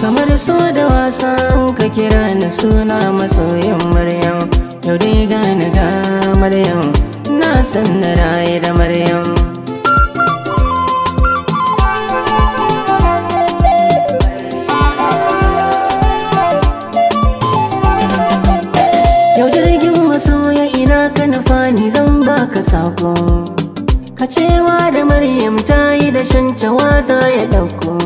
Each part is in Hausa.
kamar so da wasa ka kira na suna masoyin maryam yau dai gani ga maryam na san da raye da maryam sako cewa da maryam ta yi da shantawa za ya ɗauko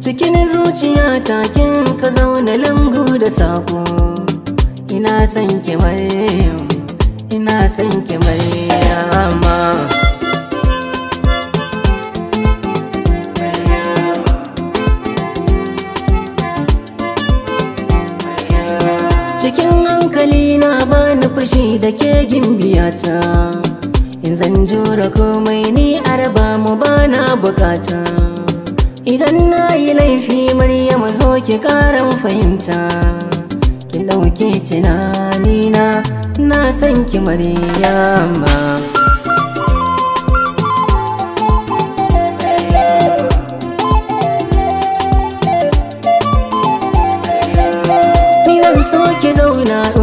cikin zuciya takin ka zauna lungu da sako ina son ki maryam ina son ki maryam hankali na bani fushi da ke gimbiyata in zan jura komai ni araba mu bana bukata idan na yi laifi maryam zo ki karan fahimta ki ɗauke tunanina na san ki maryama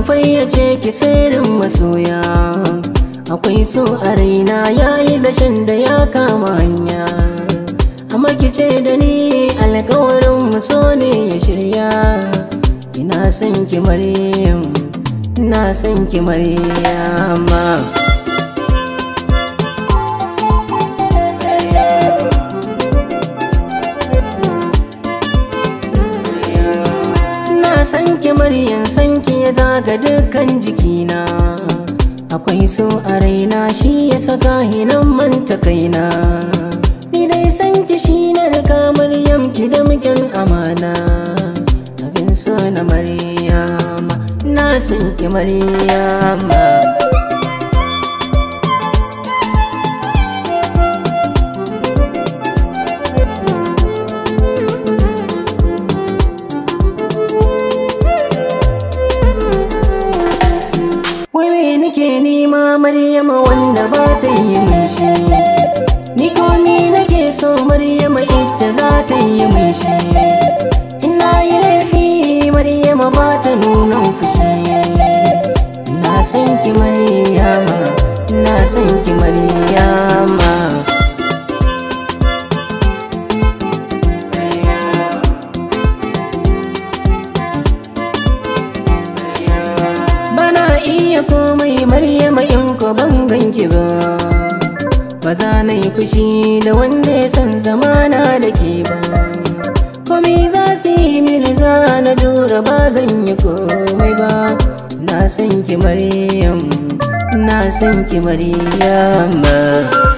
fayyace ki sirrin masoya akwai so a raina yayi dashin da ya kama hanya amma ki ce da ni alkawarin so ne ya shirya ina son ki maryam ina son ki maryam san ga dukkan jikina akwai so a raina shi ya saka hinan manta kaina ni dai san ki shi na rika maryam ki da mukin amana abin so na maryama na san ki maryama nake nema maryama wanda ba ta yi shi ni komi nake so maryama ita za ta yi min shi ina yi laifi maryama ba ta nuna fushi na san ki maryama na san ki maryama komai maryama in ko ban ganki ba ba za na yi fushi da wanda ya san zamana da ke ba komai za su yi mini za na jura ba zan yi komai ba na san ki maryam na san ki maryam ba